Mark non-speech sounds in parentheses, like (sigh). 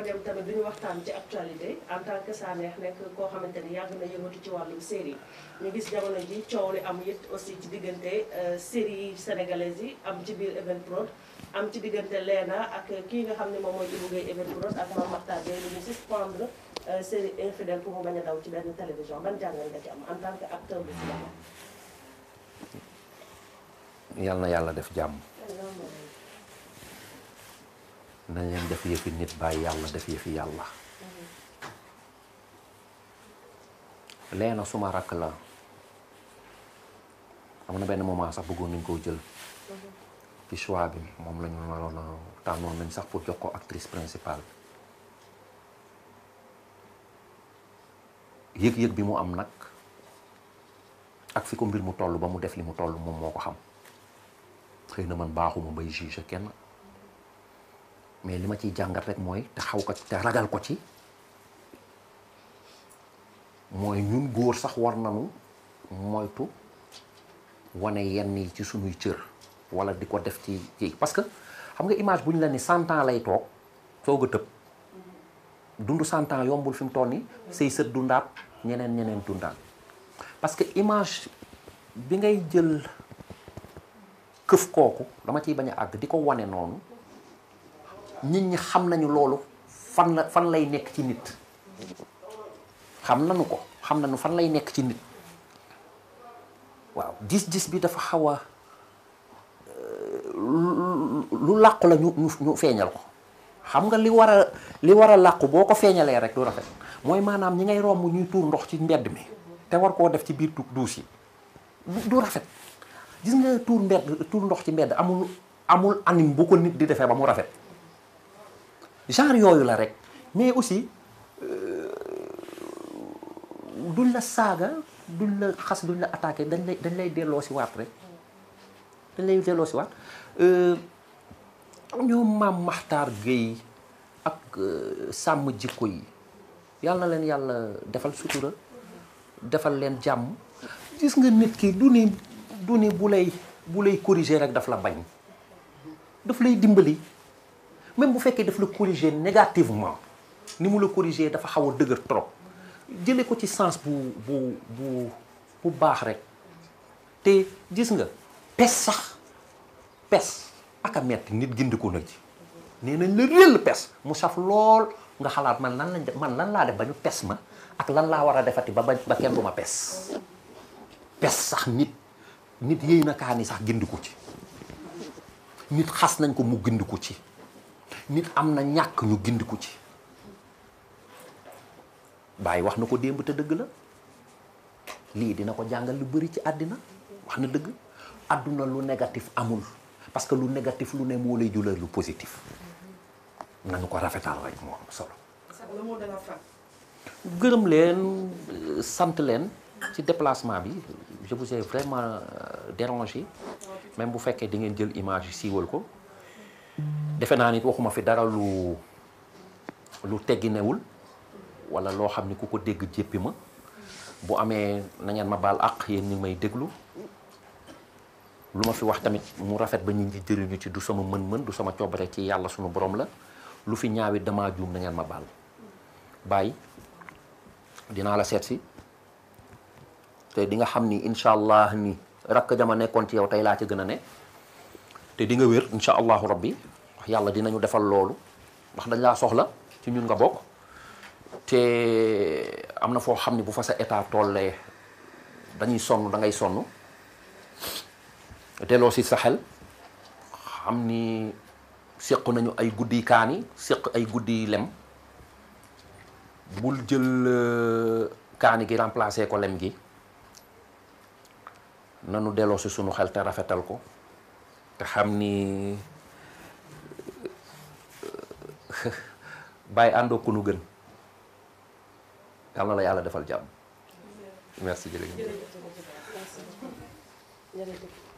Mariam tamit du ñu waxtaan ci actualité en tant que Sanekh nekk koo xamante ni yàgg na yëngatu ci wàllum série ñu gis jamono ji coow li am it aussi ci diggante euh, série sénégalaise yi am ci biir Evenprod am ci diggante Leena ak kii nga xam ne moom mooy Ibou Guèye Evenprod ak Mame Mactar Guèye lu ñu suspendre euh, série infidèle pour mu bañ a daw ci benn télévision ban jàngal nga ci am en tant que acteur bu cinéma yàlla na yàlla def jàmm nañ leen def yëfi nit bàyyi yàlla def yëfi yàlla leena suma rakk la am na benn moment sax bëggoon nañ koo jël ci choix bi moom lañu waroon a tànnoon nañ sax pour jox ko actrice principale yëg-yëg bi mu am nag ak fi ko mbir mu toll ba mu def li mu toll moom moo ko xam xëy na man baaxuma bay juge kenn mais li ma ciy jàngat rek mooy te xaw ko te ragal ko ci mooy ñun góor sax war nañu moytu wane yenn yi ci suñuy cër wala di ko def ci kii parce que xam nga image bu ñu la ni cent lay toog soog a tëb dund cent yombul fi mu toll nii say sët dundaat ñeneen ñeneen dundaat parce que image bi ngay jël këf kooku dama ciy bañ a àgg di ko wane noonu nit ñi xam nañu loolu fan la fan lay nekk ci nit xam nañu ko xam nañu fan lay nekk ci nit waaw gis-gis bi dafa xaw a euh, lu làqu la ñu ñu feeñal ko xam nga li war a li war a làqu boo ko feeñalee rek du rafet mooy maanaam ñi ngay romb ñuy tuur ndox ci mbedd mi te war koo def ci biir du duus yi du rafet gis nga tuur mbedd tuur ndox ci mbedd amul amul anim bu ko nit di defee ba mu rafet genre yooyu la rek mais aussi euh, duñ la saaga du la xas du la attaqué dañ lay dañ lay delloo si waat rek dañ lay delloo si waat euh, ñoom maam Maxtaar Gueye ak euh, sàmm jikko yi yàlla na leen yàlla defal sutura defal leen jàmm gis nga nit ki du ni du ni bu lay bu lay corriger rek daf la bañ daf lay dimbali même bu fekkee daf la corriger négativement ni mu la corriger dafa xaw a dëgër trop jëlee ko ci sens bu bu bu baax rek te gis nga pes sax pes ak a metti nit ko na ci nee nañ la réel pes mu saf lool nga xalaat man lan la man lan laa def ba ñu pes ma ak lan laa war a defati ba ba kenn du ma pes pes sax nit nit yéy na kaa ni sax ko ci nit xas nañ ko mu gindiku ci nit am na ñàkk ñu gindiku ci bàyyi wax na ko démb te dëgg la lii dina ko jàngal lu bari ci àddina wax na dëgg àdduna lu négatif amul parce que lu négatif lu ne moo lay jural lu positif nañu ko rafetal rek moo am solo. gërëm leen sant leen ci déplacement bi je vous ai vraiment euh, dérangé même bu fekkee di ngeen jël image siiwal ko. defe naa nit waxuma fi dara lu lu tegginewul wala loo xam ni ku ko dégg jéppi ma bu amee na ngeen ma baal àq yéen ñi may déglu lu ma fi wax tamit mu rafet ba ñu ngi jëriñu ci du sama mën-mën du sama coobare ci yàlla sunu borom la lu fi ñaawi damaa juum na ngeen ma baal bàyyi dinaa la seet si te di nga xam ni incha allah ni rakk jama nekkoon ci yow tey laa ci gën a ne te di nga wér incha allahu rabbi wax yàlla dinañu defal loolu ndax dañ laa soxla ci ñun nga bokk te am na foo xam ne bu fa sa état tollee dañuy sonn dangay sonn delloo si sa xel xam ni séq nañu ay guddi kaani séq ay guddi lem bul jël euh, kaani gi remplacer ko lem gi nanu delloo si sunu xel te rafetal ko te xam ni (laughs) bàyyi àndoo ku nu gën la yàlla defal jàmm